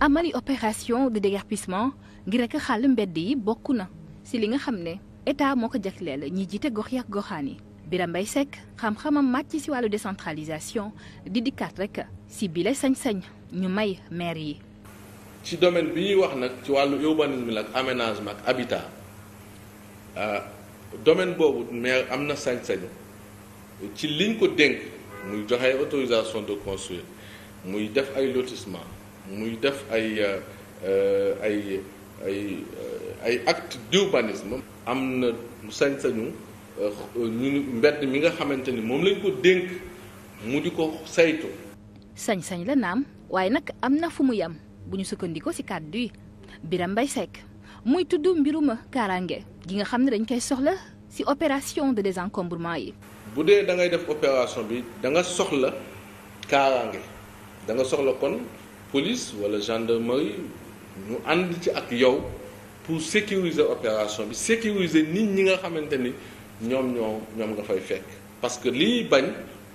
amali opération de déguerpissement ngir rek xàll mbedd yi bokk na si li nga xam ne état moo ko jagleel ñi jiite gox yi goxaan yi Birame Mbaye Seck xam-xamam màcc si wàllu décentralisation di dikkaat rek si bile sañ-sañ ñu may maire yi. ci domaine bi ñuy wax nag ci wàllu urbanisme la ak aménagement ak habitat euh, domaine boobu maire am na sañ-sañ ci liñ ko dénk muy joxe autorisation de construire muy def ay lotissement muy def ay euh, ay ay euh, ay acte d'urbanisme am na sañ-sañu euh, mbedd mi nga xamante ni moom lañ ko dénk mu di ko saytu sañ-sañ la naam waaye nag am na fu mu yem bu ñu sukkandikoo ci kàddu yi Birame Mbaye Seck muy tudd mbirum kaaraange gi nga xam ne dañ koy soxla ci opération de des encombrements yi bu dee dangay def opération bi da nga soxla kaaraange da nga soxla kon police wala gendarmerie ñu ànd ci ak yow pour sécuriser opération bi sécuriser nit ñi nga xamante ni ñoom ñoo ñoom nga fay fekk parce que li bañ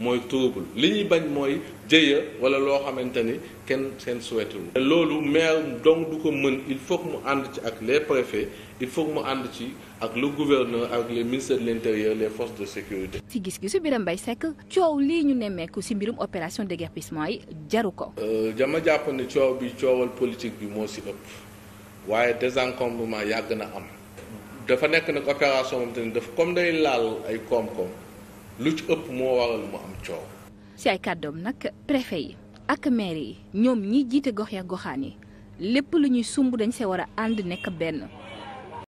mooy trouble li ñuy bañ mooy jëya wala loo xamante ni kenn seen souhaitul loolu maire donc du ko mën il faut mu ànd ci ak les préfets il faut mu ànd ci ak le gouverneur ak les ministères de l'intérieur les forces de sécurité ci gis-gisu Birame bay sekk coow lii ñu nemmeeku ci mbirum opération déguerpissement yi jaru ko dama euh, jàpp ne coow bi coowal politique bi moo ci ëpp waaye désencombrement yàgg na am dafa nekk nag opération moom te dafa comme day laal ay koom lu ci ëpp moo waral mu am coow. ci ay kàddoom nag préfet yi ak maire yi ñoom ñi jiite gox ya goxaan yi lépp lu ñuy sumb dañ see war a ànd nekk benn.